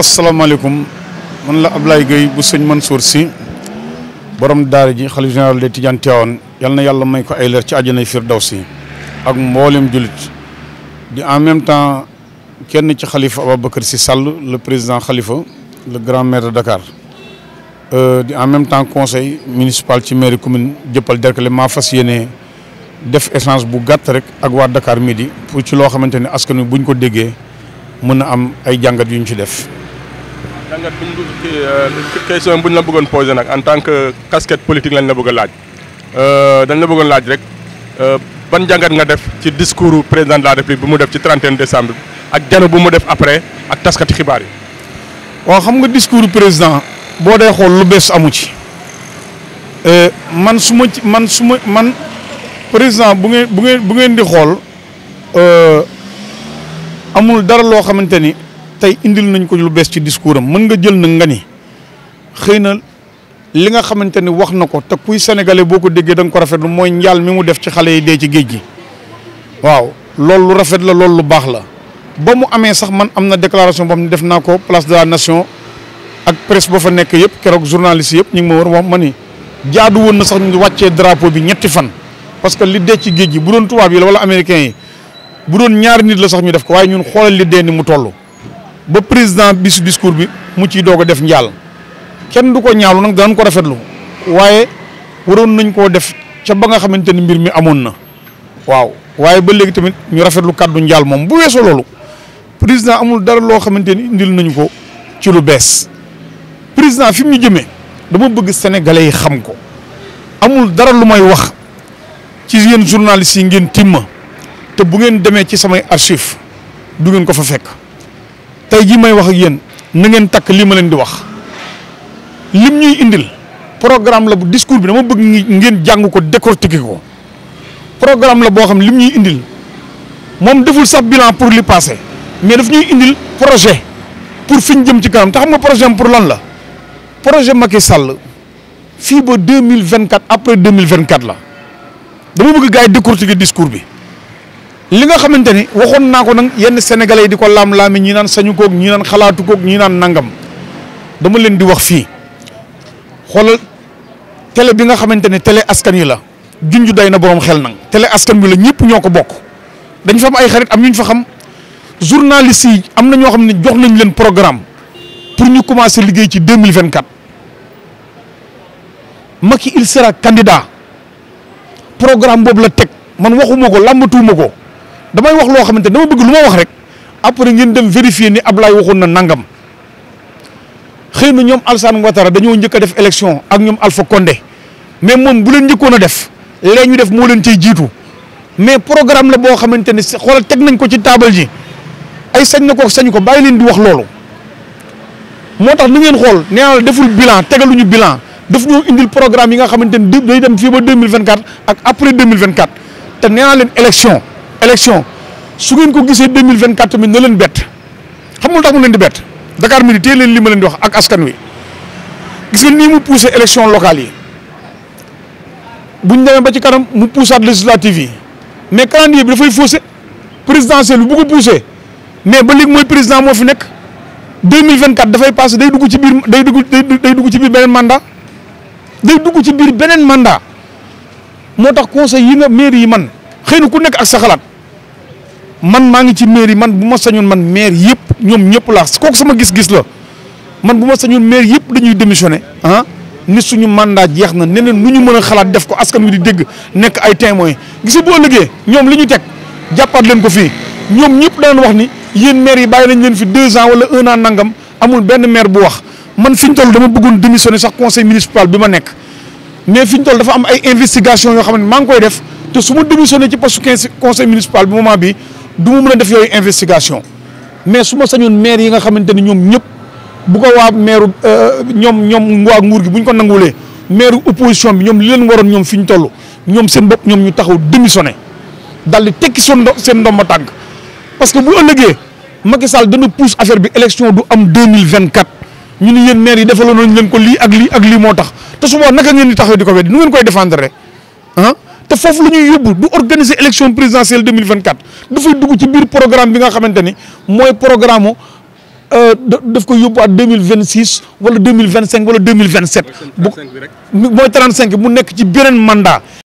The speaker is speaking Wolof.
asalaamaaleykum man la lay Gueye bu sëñ Mansour si borom daara ji xalif général de Tidiane Tivaouane yal na yàlla may ko ay leer ci àjjanay firdawsi ak mboolem jullit di en même temps kenn ci xalifa Ababacar si Sall le président xalifa le grand maire de Dakar euh, di en même temps conseil municipal ci mairie commune jëppal Derklé maa fas yéene def échange bu gàtt rek ak waa Dakar midi pour ci loo xamante ne askan wi buñ ko déggee mën a am ay jàngat yu ñu ci def. jàngat bi ñu kii euh, bu la bëggoon posé nag en tant que casquette politique lañ la bëgg a laaj euh, dañ la bëggoon laaj rek euh, ban jàngat nga def ci discours président de la mu def ci 31 décembre ak jano bu mu def après ak taskati xibaar yi. waaw xam nga discours président boo dee xool lu bees amu ci man suma ci man su man président bu ngeen bu ngeen bu ngeen di xool amul dara loo xamante ni. tey indil nañ ko lu bees ci discours am mën nga jël na nga ni xëy na li nga xamante ni wax na ko te kuy sénégalais boo ko déggee da nga ko rafetlu mooy njaal mi mu def ci xale yi dee ci géej gi waaw loolu lu rafet la loolu lu baax la ba mu amee sax man am na déclaration boo xam ne def naa ko place de la nation ak presse ba fa nekk yëpp keroog journaliste yëpp ñu ngi ma war wax ma ni jaadu woon na sax ñu wàccee drapeau bi ñetti fan parce que li dee ci géej gi bu doon tubaab yi la wala yi bu doon ñaari nit la sax ñu def ko waaye ñun xoolal li dee ni mu toll ba président bis su discours bi mu ciy doog a def njàll kenn du ko ñaalu nag danañ ko rafetlu waaye waroon nañ koo def ca ba nga xamante ni mbir mi amoon na waaw waaye ba léegi tamit ñu rafetlu kàddu njaal moom bu weesoo loolu président amul dara loo xamante ni indil nañu ko ci lu bees président fi mu ñu dama bëgg sénégalais yi xam ko amul dara lu may wax ci yéen journalistes yi ngeen timma te bu ngeen demee ci samay archives du ngeen ko fa fekk tey jii may wax ak yéen na ngeen takk lii ma leen di wax lim ñuy indil programme la bu discours bi dama bëgg ngi ngeen jàng ko décortiquer ko programme la boo xam lim ñuy indil moom deful sax bilan pour li passé mais daf ñuy indil projet pour fi ñu jëm ci kanam te xam nga projet pour lan la projet Macky Sall fii ba deux mille vingt quatre après deux mille vingt quatre la dama bëgg gars yi décortiquer discours bi. li nga xamante ni waxoon naa ko nag yenn sénégalais yi di ko laam-laami ñi naan sañu koog ñi naan xalaatu koog ñi naan nangam dama leen di wax fii xoolal tele bi nga xamante ne télé askan yi la junj day na boroom xel nang tele askan bi la ñëpp ñoo ko bokk dañ fa am ay xarit am ñu fa xam journaliste yi am na ñoo xam ne jox nañ leen programme pour ñu commencer liggéey ci deux mille vingt quatre Macky il sera candidat programme boobu la teg man waxuma ko làmbatuuma ko. damay wax loo xamante dama bëgg lu ma wax rek après ngeen dem vérifier ni Ablaye waxoon na nangam xëy na ñoom Alassane Ouattara dañoo njëkka def élection ak ñoom Alpha konde mais moom bu leen njëkkoon a def lee ñu def moo leen cay jiitu mais programme la boo xamante ne xoolal teg nañ ko ci taabal ji ay sañ na ko sañ ko bàyyi leen di wax loolu moo tax ni ngeen xool nee naa la deful bilan tegaluñu bilan daf ñoo indil programme yi nga xamante ne day de fii ba deux mille vingt quatre ak après deux mille leen élection. élection su ngeen ko gisee deux mille vingt quatre mi na leen bett xam nga tax mu leen di bett Dakar midi teel leen li ma leen di wax ak askan wi gis ngeen nii mu poussé élection locale yi buñ demee ba ci kanam mu poussaat législative yi mais calendrier bi dafay faussé présidentielle bi bu ko poussé mais ba léegi mooy président moo fi nekk deux mille vingt quatre dafay passé day dugg ci biir day dugg day dugg ci biir beneen mandat day dugg ci biir beneen mandat moo tax conseil yi nga mairie yi man xëy na ku nekk ak sa man maa ngi ci yi man bu ma sañoon man maire yëpp ñoom ñëpp laax kooku sama gis-gis la man bu ma sañoon maire yëpp dañuy démissionné ah ni suñu mandat jeex na neneen lu ñu mën a xalaat def ko askan wi di dégg nekk ay témoins gisa bu ëllëgee ñoom li ñu teg jàppaat leen ko fii ñoom ñëpp daan wax ni yéen maire yi bàyyi nañ leen fi deux ans wala un an nangam amul benn maire bu wax man fi ñu toll dama bëggoon démissionné sax conseil municipal bi ma nekk mais fi ñu toll dafa am ay investigation yoo xam ne maa ngi koy def te su ma démissionné ci poste conseil municipal bi moment bi du ma mën a def yooyu investigation mais su ma sañoon maire yi nga xamante ni ñoom ñëpp bu ko waa maire euh, ñoom ñoom waa nguur gi bu ñu ko nangulee maire opposition bi ñoom li leen waroon ñoom fi ñu toll ñoom seen bopp ñoom ñu taxaw démissionné dal di tekki seen seen ndomba tànk parce que bu ëllëgee Macky Sall dana pousse affaire bi élection du am deux mille vingt quatre ñu ni yéen maire yi defaloon nañ leen ko lii ak lii ak lii moo tax te su boobaa naka ngeen di di ko weddi nu ngeen koy défendre rek ah. te foofu la ñuy yóbbu du organiser élection présidentielle 2024 dafay dugg ci biir programme bi nga xamante ni mooy programme mu euh, daf koy yóbbu at 2026 wala 2025 wala 2027. bu mooy 35 bi rek. mooy 35 mu nekk ci beneen mandat.